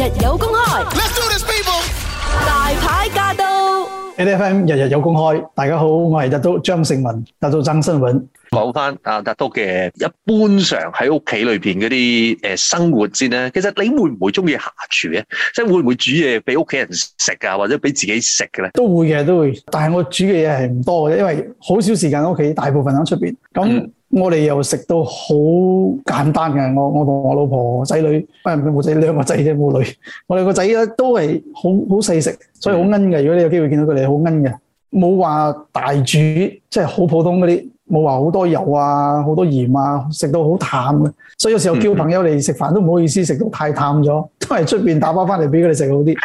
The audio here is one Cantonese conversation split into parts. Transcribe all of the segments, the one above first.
日有公開，Let's do this people 大牌駕到。A F M 日日有公開，大家好，我係拿督張盛聞，拿督曾新文。講翻啊拿督嘅一般常喺屋企裏邊嗰啲誒生活先咧，其實你會唔會中意下廚咧？即係會唔會煮嘢俾屋企人食啊，或者俾自己食嘅咧？都會嘅，都會。但係我煮嘅嘢係唔多嘅，因為好少時間喺屋企，大部分喺出邊咁。我哋又食到好簡單嘅，我我同我老婆仔女，誒冇仔兩個仔啫冇女，我哋個仔咧都係好好細食，所以好奀嘅。如果你有機會見到佢哋，好奀嘅，冇話大煮，即係好普通嗰啲，冇話好多油啊，好多鹽啊，食到好淡嘅。所以有時候叫朋友嚟食飯都唔好意思，食到太淡咗，都係出面打包返嚟俾佢哋食好啲。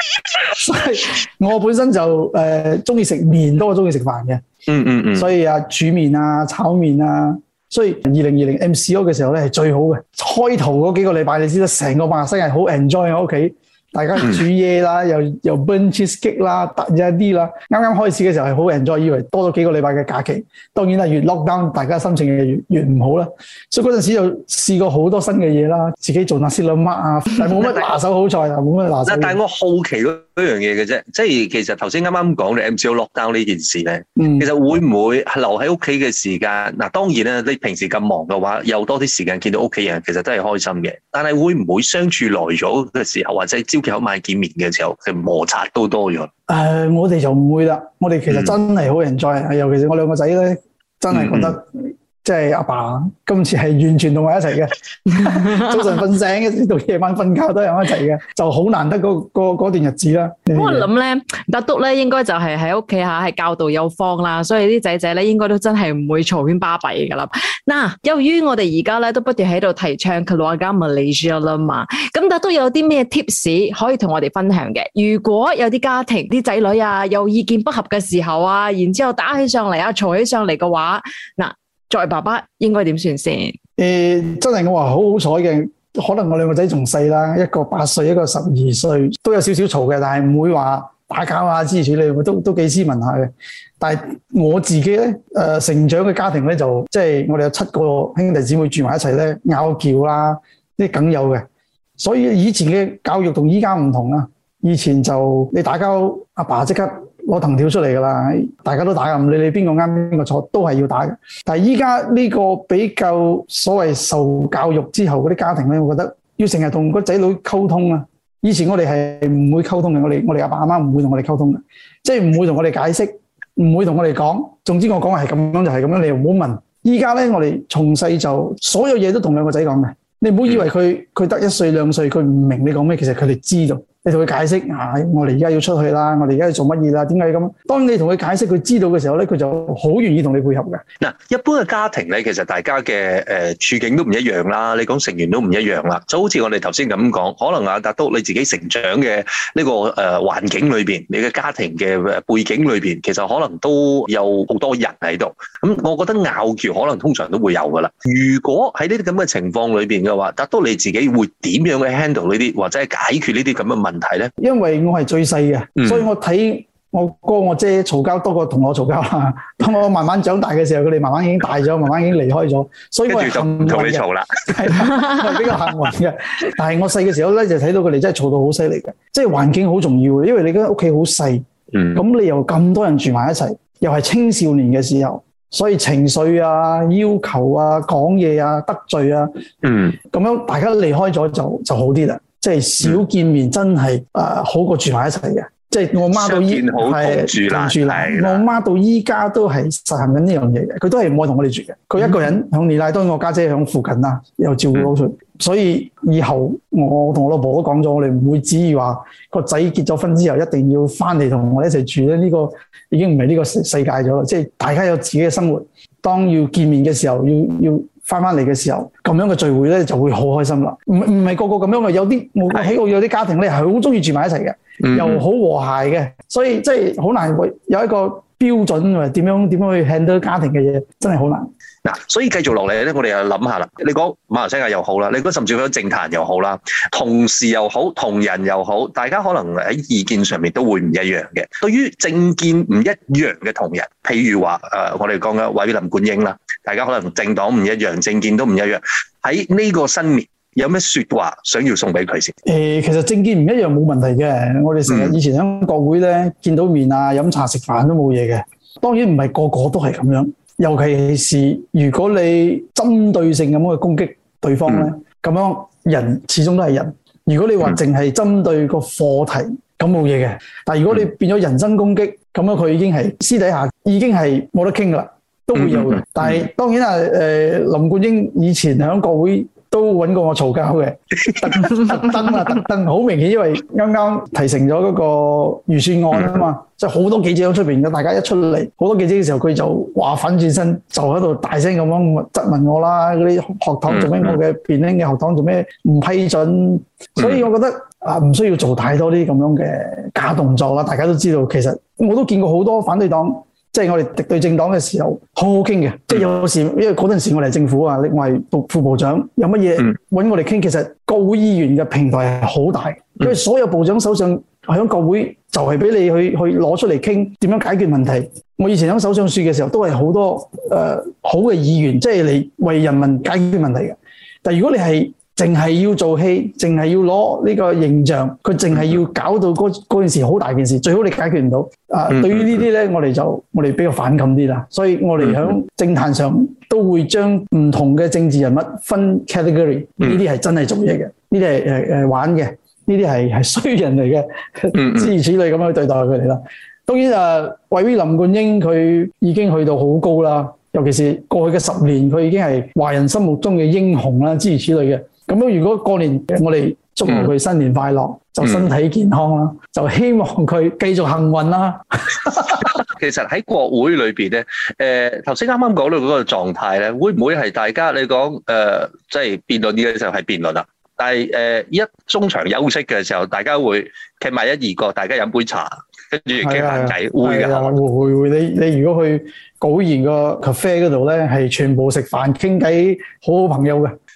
所以我本身就誒鍾意食麵多過鍾意食飯嘅，嗯嗯嗯，所以啊煮麵啊炒麵啊。所以二零二零 MCO 嘅時候咧係最好嘅，開頭嗰幾個禮拜你知啦，成個馬星係好 enjoy 喺屋企。大家煮嘢啦，嗯、又又 burnt cheesecake 啦，突一啲啦。啱啱開始嘅時候係好 enjoy，以為多咗幾個禮拜嘅假期，當然啦，越 lock down 大家心情係越越唔好啦。所以嗰陣時就試過好多新嘅嘢啦，自己做 nasi lemak 啊，但冇乜拿手好菜啊，冇乜拿手好菜。但係我好奇嗰樣嘢嘅啫，即係其實頭先啱啱講你 MCO lock down 呢件事咧，其實會唔會留喺屋企嘅時間？嗱、嗯，當然啦，你平時咁忙嘅話，又多啲時間見到屋企人，其實都係開心嘅。但係會唔會相處耐咗嘅時候，或者有埋見面嘅時候，佢摩擦都多咗。誒、呃，我哋就唔會啦。我哋其實真係好人，在、嗯，尤其是我兩個仔咧，真係覺得。嗯即係阿爸、爸，今次係完全同我一齊嘅， 早晨瞓醒嘅，到夜晚瞓覺都係一齊嘅，就好難得嗰段日子啦。不、嗯、我諗咧，達督咧應該就係喺屋企下，係教導有方啦，所以啲仔仔咧應該都真係唔會嘈喧巴閉噶啦。嗱、呃，由於我哋而家咧都不斷喺度提倡佢老人家 Malaysia 啦嘛，咁達督有啲咩 tips 可以同我哋分享嘅？如果有啲家庭啲仔女啊有意見不合嘅時候啊，然之後打起上嚟啊，嘈起上嚟嘅話嗱。呃作為爸爸應該點算先？誒、欸，真係我話好好彩嘅，可能我兩個仔仲細啦，一個八歲，一個十二歲，都有少少嘈嘅，但係唔會話打交啊之類，都都幾斯文下嘅。但係我自己咧，誒、呃，成長嘅家庭咧，就即係、就是、我哋有七個兄弟姊妹住埋一齊咧，拗撬啦，啲梗有嘅。所以以前嘅教育同依家唔同啦，以前就你打交，阿爸即刻。攞藤條出嚟㗎喇，大家都打噶，唔理你邊個啱邊個錯，都係要打嘅。但係依家呢個比較所謂受教育之後嗰啲家庭呢，我覺得要成日同個仔女溝通啊。以前我哋係唔會溝通嘅，我哋我哋阿爸阿媽唔會同我哋溝通嘅，即係唔會同我哋解釋，唔會同我哋講。總之我講係咁樣就係咁樣，你唔好問。依家呢，我哋從細就所有嘢都同兩個仔講嘅。你唔好以為佢得一歲兩歲，佢唔明你講咩，其實佢哋知道。你同佢解釋嚇、啊，我哋而家要出去啦，我哋而家要做乜嘢啦？點解咁？當你同佢解釋佢知道嘅時候咧，佢就好願意同你配合嘅。嗱，一般嘅家庭咧，其實大家嘅誒處境都唔一樣啦，你講成員都唔一樣啦。就好似我哋頭先咁講，可能啊，拿督你自己成長嘅呢個誒環境裏邊，你嘅家庭嘅背景裏邊，其實可能都有好多人喺度。咁我覺得拗撬可能通常都會有噶啦。如果喺呢啲咁嘅情況裏邊嘅話，拿督你自己會點樣去 handle 呢啲或者係解決呢啲咁嘅問題？題咧，因為我係最細嘅，嗯，所以我睇我哥我姐嘈交，多過同我嘈交。咁我慢慢長大嘅時候，佢哋慢慢已經大咗，慢慢已經離開咗，所以我幸運嘅。同你嘈啦，係 比較幸運嘅。但係我細嘅時候咧，就睇到佢哋真係嘈到好犀利嘅，即係環境好重要。因為你家屋企好細，咁，嗯、你又咁多人住埋一齊，又係青少年嘅時候，所以情緒啊、要求啊、講嘢啊、得罪啊，嗯，咁樣大家離開咗就就好啲啦。即、就、係、是、少見面真是，真係誒好過住埋一齊嘅。即、就、係、是、我媽到依係跟住嚟，我媽到依家都係實行緊呢樣嘢嘅。佢都係唔會同我哋住嘅。佢一個人響尼拉多，當我家姐響附近啦，又照顧到佢、嗯。所以以後我同我老婆都講咗，我哋唔會旨意話個仔結咗婚之後一定要翻嚟同我一齊住咧。呢、這個已經唔係呢個世界咗啦。即、就、係、是、大家有自己嘅生活，當要見面嘅時候，要要。翻返嚟嘅時候，咁樣嘅聚會咧就會好開心啦。唔唔係個個咁樣嘅，有啲我喜我有啲家庭咧係好中意住埋一齊嘅，又好和諧嘅，所以即係好難會有一個標準，或點樣點樣去 handle 家庭嘅嘢，真係好難。嗱，所以繼續落嚟咧，我哋又諗下啦。你講馬來西亞又好啦，你講甚至乎政壇又好啦，同事又好，同人又好，大家可能喺意見上面都會唔一樣嘅。對於政見唔一樣嘅同人，譬如話誒，我哋講緊一位林冠英啦，大家可能政黨唔一樣，政見都唔一樣。喺呢個新年有咩說話想要送俾佢先？誒，其實政見唔一樣冇問題嘅。我哋成日以前喺國會咧見到面啊，飲茶食飯都冇嘢嘅。當然唔係個個都係咁樣。尤其是如果你針對性咁樣去攻擊對方呢，咁、嗯、樣人始終都係人。如果你話淨係針對個課題，咁冇嘢嘅。但如果你變咗人身攻擊，咁樣佢已經係私底下已經係冇得傾㗎啦，都會有嘅、嗯。但係當然啦，林冠英以前喺國會，都揾過我嘈交嘅，特登啊，特登，好明顯，因為啱啱提成咗嗰個預算案啊嘛，即係好多記者都出面嘅，大家一出嚟，好多記者嘅時候佢就話反轉身就喺度大聲咁樣質問我啦，嗰啲學堂做咩我嘅辯論嘅學堂做咩唔批准，所以我覺得啊，唔需要做太多啲咁樣嘅假動作啦，大家都知道，其實我都見過好多反對黨。即係我哋敵對政黨嘅時候，好好傾嘅。即係有時，因為嗰陣時我係政府啊，另係副副部長，有乜嘢揾我哋傾，嗯，其實國會議員嘅平台係好大，因為所有部長首相響國會就係俾你去去攞出嚟傾，點樣解決問題。我以前響首相署嘅時候，都係、呃、好多誒好嘅議員，即係你為人民解決問題嘅。但係如果你係，淨係要做戲，淨係要攞呢個形象，佢淨係要搞到嗰件事好大件事，最好你解決唔到。啊、嗯嗯嗯，對於呢啲咧，我哋就我哋比較反感啲啦。所以我哋響政壇上都會將唔同嘅政治人物分 category，呢啲係真係做嘢嘅，呢啲係誒誒玩嘅，呢啲係係衰人嚟嘅，諸、嗯嗯、如此類咁樣去對待佢哋啦。當然誒，位於林冠英，佢已經去到好高啦，尤其是過去嘅十年，佢已經係華人心目中嘅英雄啦，諸如此類嘅。咁樣如果過年，我哋祝願佢新年快樂，就身體健康啦，就希望佢繼續幸運啦。其實喺國會裏邊咧，誒頭先啱啱講到嗰個狀態咧，會唔會係大家你講誒，即係辯論呢個時候係辯論啦？但係誒一中場休息嘅時候，大家會傾埋一二個，大家飲杯茶，跟住傾下偈，會嘅。會會會，你你如果去古然個 cafe 嗰度咧，係全部食飯傾偈，好好朋友嘅。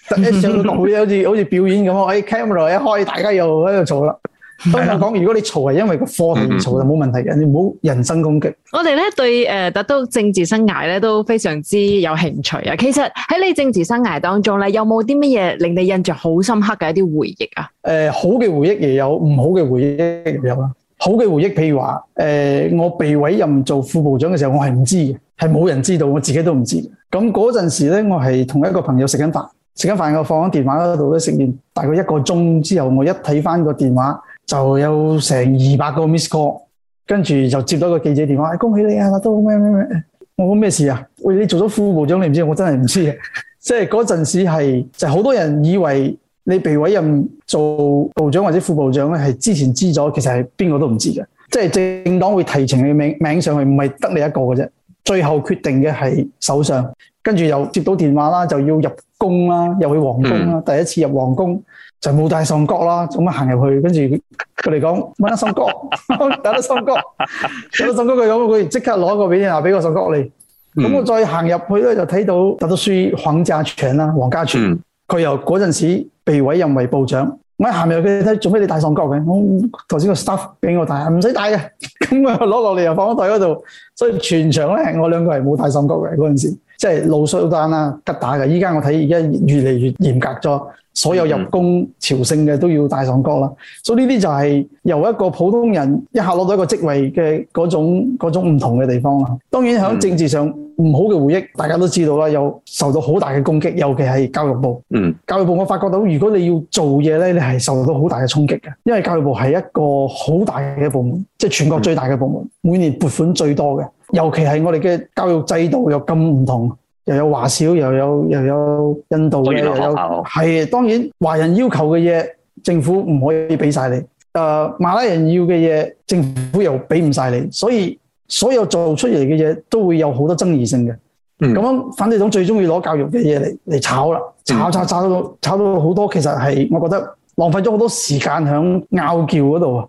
特登上台好似好似表演咁，哎，camera 一開，大家又喺度嘈啦。今日講，如果你嘈係因為個課題嘈就冇問題嘅，你唔好人身攻擊。我哋咧對拿督嘅政治生涯咧都非常之有興趣啊。其實喺你政治生涯當中咧，有冇啲乜嘢令你印象好深刻嘅一啲回憶啊？誒，好嘅回憶亦有，唔好嘅回憶亦有啦。好嘅回憶，譬、呃、如話誒、呃、我被委任做副部長嘅時候，我係唔知嘅，係冇人知道，我自己都唔知道。咁嗰陣時咧，我係同一個朋友食緊飯。食緊飯，我放喺電話嗰度都食完，大概一個鐘之後，我一睇翻個電話就有成二百個 miss call，跟住就接到個記者電話，哎，恭喜你啊，都咩咩咩，我咩事啊？喂，你做咗副部長你唔知，我真係唔知嘅。即係嗰陣時係，就好多人以為你被委任做部長或者副部長咧，係之前知咗，其實係邊個都唔知嘅。即係政黨會提呈你名名上去，唔係得你一個嘅啫。最後決定嘅係首相。跟住又接到電話啦，就要入宮啦，又去皇宮啦、嗯。第一次入皇宮就冇戴喪角啦，咁行入去，跟住佢嚟講揾一喪角，揼一喪角，揼一喪角。佢咁，佢即刻攞個俾，話俾個喪角落嚟。咁我再行入去咧，就睇到拿督斯里黃家泉啦，黃家泉。佢、嗯、又嗰陣時被委任為部長。我一行入去睇，做咩你戴喪角嘅？我頭先個 staff 俾我戴，唔使戴嘅。咁我攞落嚟又放喺袋嗰度，所以全場咧我兩個係冇戴喪角嘅嗰陣時。即係老蘇丹啦、啊，吉打嘅。依家我睇，依家越嚟越嚴格咗。所有入宮朝聖嘅都要戴上角啦、嗯。所以呢啲就係由一個普通人一下攞到一個職位嘅嗰種嗰種唔同嘅地方啦。當然喺政治上唔好嘅回憶、嗯，大家都知道啦，又受到好大嘅攻擊，尤其係教育部。嗯，教育部我發覺到，如果你要做嘢咧，你係受到好大嘅衝擊嘅，因為教育部係一個好大嘅部門，即、就是、全國最大嘅部門、嗯，每年撥款最多嘅。尤其係我哋嘅教育制度又咁唔同，又有華小，又有又有印度嘅，又有當當然華人要求嘅嘢，政府唔可以俾曬你、呃。馬來人要嘅嘢，政府又俾唔曬你。所以所有做出嚟嘅嘢都會有好多爭議性嘅。咁、嗯、樣，反對黨最鍾意攞教育嘅嘢嚟嚟炒啦，炒炒炒到炒，炒到好多，其實係我覺得。浪費咗好多時間喺拗撬嗰度啊！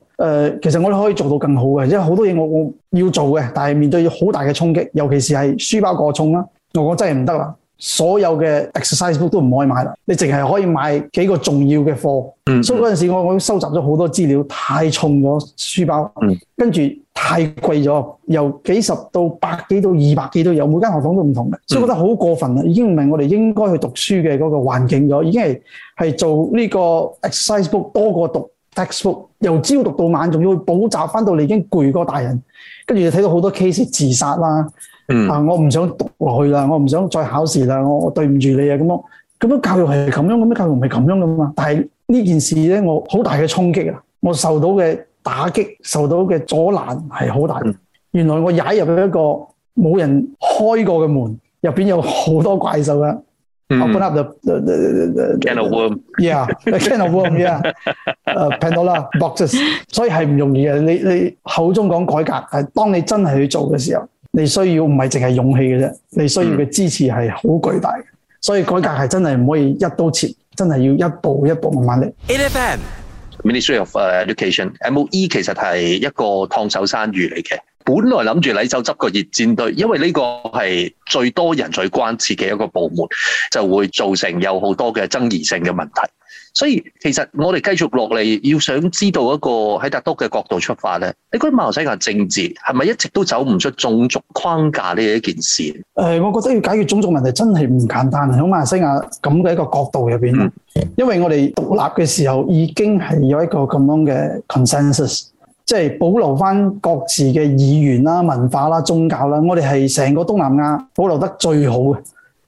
其實我哋可以做到更好嘅，因為好多嘢我我要做嘅，但係面對好大嘅衝擊，尤其是係書包過重啦。我真係唔得啦，所有嘅 exercise book 都唔可以買啦。你淨係可以買幾個重要嘅貨，嗯嗯。所以嗰陣時我我收集咗好多資料，太重咗書包，跟住。太貴咗，由幾十到百幾到二百幾都有，每間學校都唔同嘅，嗯、所以我覺得好過分啊！已經唔係我哋應該去讀書嘅嗰個環境咗，已經係係做呢個 exercise book 多過讀 textbook，由朝讀到晚，仲要補習翻到你已經攰過大人，跟住你睇到好多 case 自殺啦，嗯、啊我唔想讀落去啦，我唔想再考試啦，我對我對唔住你啊咁樣，咁樣教育係咁樣，咁樣教育唔係咁樣咁嘛，但係呢件事咧我好大嘅衝擊啊，我受到嘅。打擊受到嘅阻攔係好大。原來我踩入一個冇人開過嘅門，入邊有好多怪獸嘅。嗯、Open up the the can of worms. Yeah, the can of worms. Yeah.、Uh, Pandora boxes.、嗯、所以係唔容易嘅。你你口中講改革，係當你真係去做嘅時候，你需要唔係淨係勇氣嘅啫，你需要嘅支持係好巨大嘅。所以改革係真係唔可以一刀切，真係要一步一步慢慢嚟。Ministry of Education，MOE 其實係一個燙手山芋嚟嘅。本來諗住禮晝執個熱戰隊，因為呢個係最多人最關切嘅一個部門，就會造成有好多嘅爭議性嘅問題。所以其實我哋繼續落嚟，要想知道一個喺拿督嘅角度出發咧，你講馬來西亞政治係咪一直都走唔出種族框架呢一件事，呃？我覺得要解決種族問題真係唔簡單喺馬來西亞咁嘅一個角度入面、嗯，因為我哋獨立嘅時候已經係有一個咁樣嘅 consensus，即係保留翻各自嘅語言啦、文化啦、宗教啦，我哋係成個東南亞保留得最好嘅。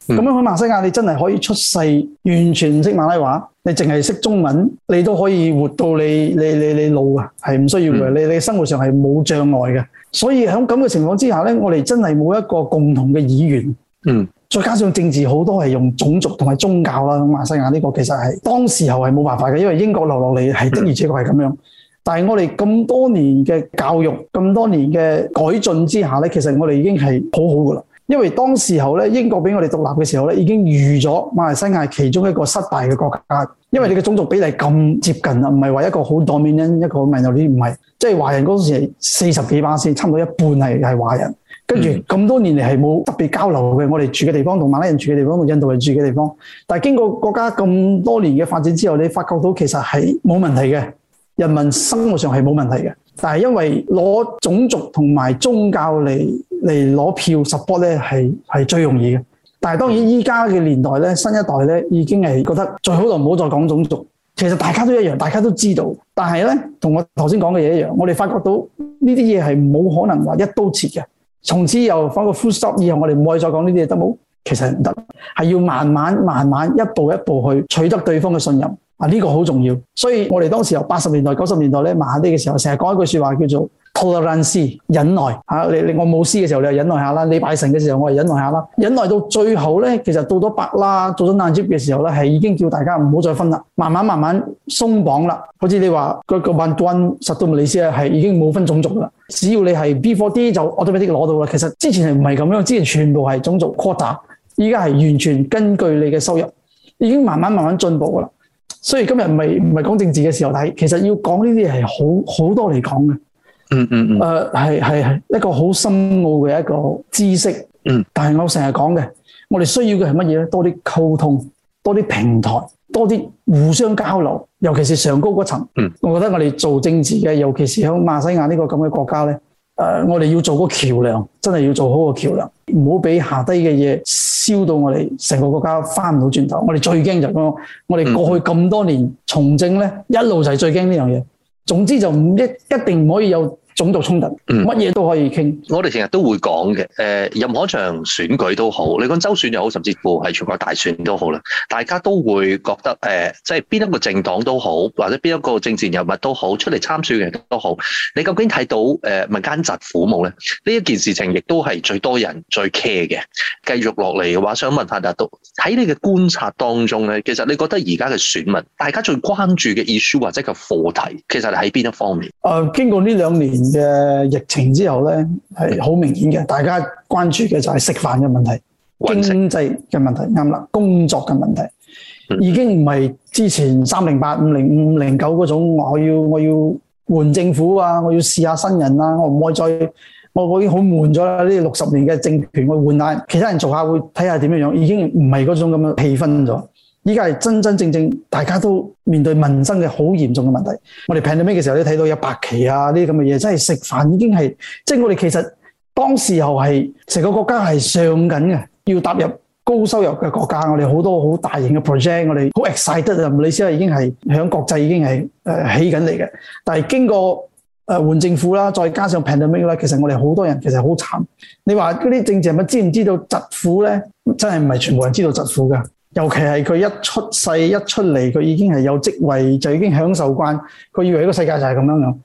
咁、嗯、樣喺馬來西亞，你真係可以出世完全唔識馬拉話。你淨係識中文，你都可以活到你你你你你老啊，係唔需要嘅。嗯。你你生活上係冇障礙嘅。所以喺咁嘅情況之下咧，我哋真係冇一個共同嘅語言。嗯。再加上政治好多係用種族同埋宗教啦，馬來西亞呢個其實係當時候係冇辦法嘅，因為英國留落嚟係的而且確係咁樣。嗯。但係我哋咁多年嘅教育、咁多年嘅改進之下咧，其實我哋已經係好好噶啦。因為當時候咧，英國俾我哋獨立嘅時候咧，已經預咗馬來西亞其中一個失敗嘅國家，因為你嘅種族比例咁接近啦，唔係話一個好 Dominant 一個民族，呢唔係，即係華人嗰時係四十幾巴仙，差唔多一半係係華人，跟住咁多年嚟係冇特別交流嘅，我哋住嘅地方同馬來人住嘅地方同印度人住嘅地方，但係經過國家咁多年嘅發展之後，你發覺到其實係冇問題嘅，人民生活上係冇問題嘅，但係因為攞種族同埋宗教嚟。嚟攞票 support 咧，係最容易嘅。但係當然依家嘅年代咧，新一代咧已經係覺得最好就唔好再講種族。其實大家都一樣，大家都知道。但係咧，同我頭先講嘅嘢一樣，我哋發覺到呢啲嘢係冇可能話一刀切嘅。從此又返個 full stop 以後，我哋唔可以再講呢啲嘢得冇？其實唔得，係要慢慢慢慢一步一步去取得對方嘅信任啊！呢個好重要。所以我哋當時由八十年代九十年代咧慢啲嘅時候，成日講一句說話叫做 tolerance 忍耐，吓你你我冇事嘅時候你就忍耐下啦，你拜神嘅時候我就忍耐下啦，忍耐到最後咧，其實到咗伯啦，做咗難接嘅時候咧，係已經叫大家唔好再分啦，慢慢慢慢鬆綁啦，好似你話個個混混實到唔理事啊，係已經冇分種族啦，只要你係 B40 就我都俾啲攞到啦。其實之前係唔係咁樣，之前全部係種族 quota 依家係完全根據你嘅收入，已經慢慢慢慢進步噶啦。所以今日唔係唔係講政治嘅時候但係，其實要講呢啲係好好多嚟講嘅。嗯嗯嗯，誒係係係，一個好深奧嘅一個知識，嗯，但係我成日講嘅，我哋需要嘅係乜嘢咧？多啲溝通，多啲平台，多啲互相交流，尤其是上高嗰層，嗯，我覺得我哋做政治嘅，尤其是喺馬來西亞呢個咁嘅國家咧、呃，我哋要做個橋梁，真係要做好個橋梁，唔好俾下低嘅嘢燒到我哋成個國家翻唔到轉頭。我哋最驚就係講，我哋過去咁多年從、嗯、政咧，一路就係最驚呢樣嘢。總之就唔一一定唔可以有。種族衝突，乜嘢都可以傾、嗯。我哋成日都會講嘅，誒，任何場選舉都好，你講州選又好，甚至乎係全國大選都好啦。大家都會覺得，誒、呃，即係邊一個政黨都好，或者邊一個政治人物都好，出嚟參選嘅人都好。你究竟睇到，誒，民間疾苦冇咧？呢一件事情亦都係最多人最 care 嘅。繼續落嚟嘅話，想問下拿督喺你嘅觀察當中咧，其實你覺得而家嘅選民，大家最關注嘅 issue 或者個課題，其實喺邊一方面？誒、uh，經過呢兩年嘅疫情之後咧，係好明顯嘅。大家關注嘅就係食飯嘅問題、經濟嘅問題、啱啦，工作嘅問題，已經唔係之前三零八、五零五、五零九嗰種。我要我要換政府啊，我要試下新人啊，我唔可以再我已經好悶咗啦。呢六十年嘅政權，我換下其他人做下會，會睇下點樣樣，已經唔係嗰種咁嘅氣氛咗。依家係真真正正，大家都面對民生嘅好嚴重嘅問題。我哋 Pandemic 嘅時候都睇到有白旗啊，呢啲咁嘅嘢，真係食飯已經係，即係我哋其實當時候係成個國家係上緊嘅，要踏入高收入嘅國家。我哋好多好大型嘅 project，我哋好 excited 啊！唔理先啦，已經係響國際已經係誒、呃、起緊嚟嘅。但係經過誒、呃、換政府啦，再加上 Pandemic 啦，其實我哋好多人其實好慘。你話嗰啲政治人物知唔知道疾苦咧？真係唔係全部人知道疾苦噶。尤其係佢一出世一出嚟，佢已經係有職位，就已經享受慣。佢以為呢個世界就係咁樣樣，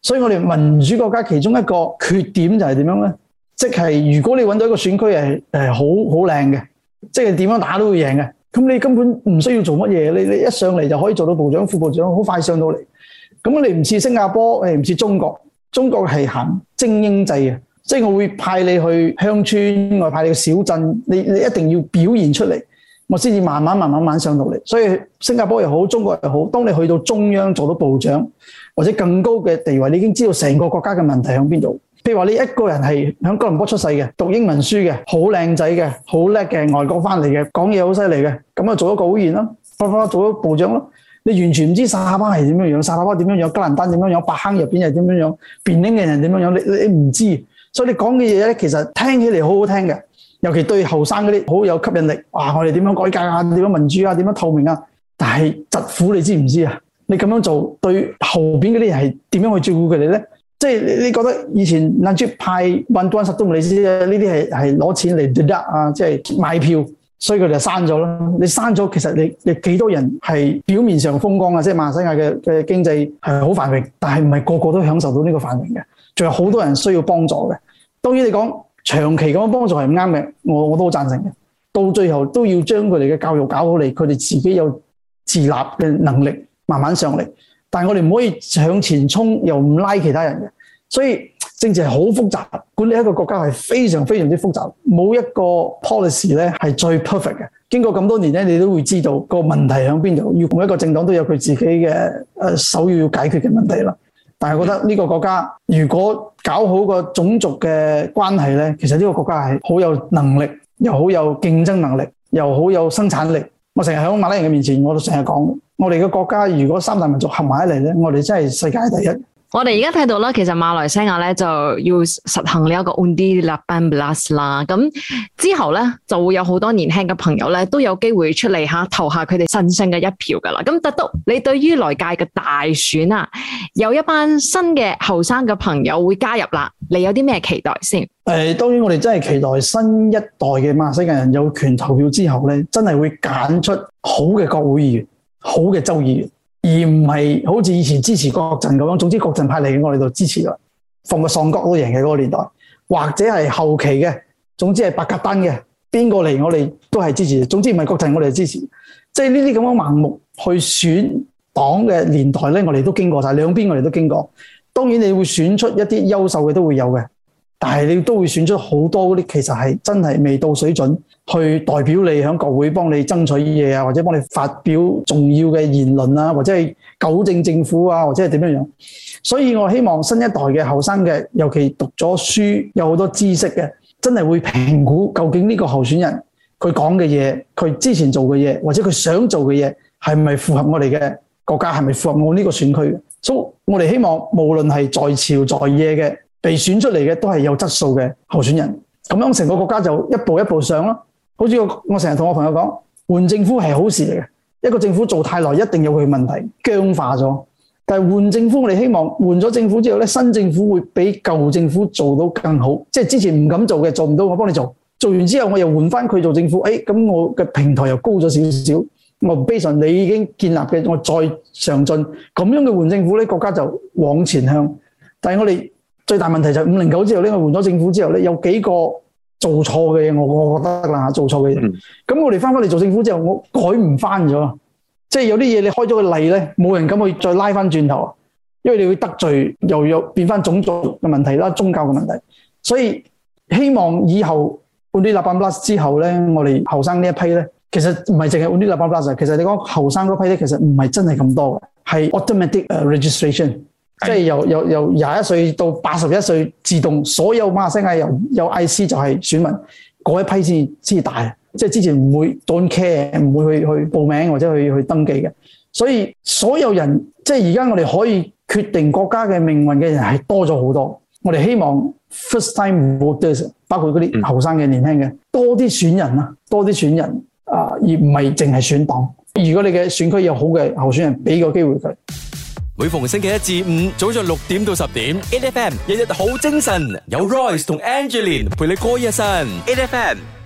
所以我哋民主國家其中一個缺點就係點樣咧？即係如果你揾到一個選區係，誒誒，好好靚嘅，即係點樣打都會贏嘅，咁你根本唔需要做乜嘢，你你一上嚟就可以做到部長、副部長，好快上到嚟。咁你唔似新加坡，你唔似中國，中國係行精英制嘅，即係我會派你去鄉村，我會派你去小鎮，你你一定要表現出嚟。我先至慢慢，慢慢慢慢上到嚟，所以新加坡又好，中國又好。當你去到中央做到部長或者更高嘅地位，你已經知道成個國家嘅問題喺邊度。譬如話，你一個人係響吉隆坡出世嘅，讀英文書嘅，好靚仔嘅，好叻嘅，外國返嚟嘅，講嘢好犀利嘅，咁啊做一個會員咯，做一個部長咯，你完全唔知道沙巴係點樣樣？沙巴點樣樣？吉蘭丹點樣樣？彭亨入邊係點樣樣？邊啲嘅人點樣樣？你你唔知道。所以你講嘅嘢呢，其實聽起嚟好好聽嘅。尤其對後生嗰啲好有吸引力，哇！我哋點樣改革啊？點樣民主啊？點樣透明啊？但係疾苦，你知唔知啊？你咁樣做對後邊嗰啲人係點樣去照顧佢哋咧？即係你覺得以前納珠派萬多人殺都唔理知嘅，呢啲係係攞錢嚟 do that 啊，即係買票，所以佢哋就刪咗啦。你刪咗，其實你你幾多人係表面上風光啊？即係馬來西亞嘅嘅經濟係好繁榮，但係唔係個個都享受到呢個繁榮嘅，仲有好多人需要幫助嘅。當然你講。長期咁樣幫助係唔啱嘅，我我都好贊成嘅。到最後都要將佢哋嘅教育搞好嚟，佢哋自己有自立嘅能力慢慢上嚟。但係我哋唔可以向前衝又唔拉其他人嘅。所以政治係好複雜，管理一個國家係非常非常之複雜，冇一個 policy 咧係最 perfect 嘅。經過咁多年咧，你都會知道個問題響邊度。每一個政黨都有佢自己嘅誒首要，要解決嘅問題啦。但係我覺得呢個國家如果搞好個種族嘅關係呢，其實呢個國家係好有能力，又好有競爭能力，又好有生產力。我成日喺馬來人嘅面前，我都成日講，我哋嘅國家如果三大民族合埋一嚟呢，我哋真係世界第一。我哋而家睇到啦，其實馬來西亞呢就要實行呢一個 Undi Lapan Belas 啦，咁之後呢，就會有好多年輕嘅朋友呢都有機會出嚟下投下佢哋新生嘅一票㗎啦。咁拿督，你對於來屆嘅大選啊，有一班新嘅後生嘅朋友會加入啦，你有啲咩期待先？誒，當然我哋真係期待新一代嘅馬來西亞人有權投票之後咧，真係會揀出好嘅國會議員、好嘅州議員。而唔係好似以前支持國陣咁樣，總之國陣派嚟嘅我哋就支持，逢個喪國都贏嘅嗰個年代，或者係後期嘅，總之係白格登嘅，邊個嚟我哋都係支持，總之唔係國陣我哋支持，即係呢啲咁樣盲目去選黨嘅年代咧，我哋都經過晒兩邊，我哋都經過，當然你會選出一啲優秀嘅都會有嘅。但係你都會選出好多呢啲其實係真係未到水準，去代表你喺國會幫你爭取嘢啊，或者幫你發表重要嘅言論啊，或者係糾正政府啊，或者係點樣樣。所以我希望新一代嘅後生嘅，尤其讀咗書有好多知識嘅，真係會評估究竟呢個候選人佢講嘅嘢，佢之前做嘅嘢，或者佢想做嘅嘢，係咪符合我哋嘅國家，係咪符合我呢個選區？所以我哋希望無論係在朝在野嘅。被選出嚟嘅都係有質素嘅候選人，咁樣成個國家就一步一步上咯。好似我我成日同我朋友講，換政府係好事嚟嘅。一個政府做太耐，一定有佢問題僵化咗。但係換政府，我哋希望換咗政府之後咧，新政府會比舊政府做到更好。即係之前唔敢做嘅，做唔到我幫你做，做完之後我又換返佢做政府。誒、哎，咁我嘅平台又高咗少少。我 basic 你已經建立嘅，我再上進咁樣嘅換政府咧，國家就往前向。但係我哋。最大問題就係五零九之後咧，我換咗政府之後咧，有幾個做錯嘅嘢，我覺得啦，做錯嘅嘢。咁我哋翻返嚟做政府之後，我改唔翻咗，即係有啲嘢你開咗個例咧，冇人敢去再拉翻轉頭，因為你會得罪，又有變翻種族嘅問題啦，宗教嘅問題。所以希望以後 Undi lapan belas 之後咧，我哋後生呢一批咧，其實唔係淨係 Undi lapan belas，其實你講後生嗰批咧，其實唔係真係咁多嘅，係 automatic registration。即、嗯、係由由由廿一歲到八十一歲，自動所有馬來西亞，有有 I C 就係選民嗰一批先先至大啊！即係之前唔會 don't care，唔會去去報名或者去去登記嘅，所以所有人即係而家我哋可以決定國家嘅命運嘅人係多咗好多。我哋希望 first time voters，包括嗰啲後生嘅年輕嘅、嗯，多啲選人啦，多啲選人啊，而唔係淨係選黨。如果你嘅選區有好嘅候選人，俾個機會佢。每逢星期一至五早上六點到十點，8FM 日日好精神，有 Royce 同 Angeline 陪你歌一身，8FM。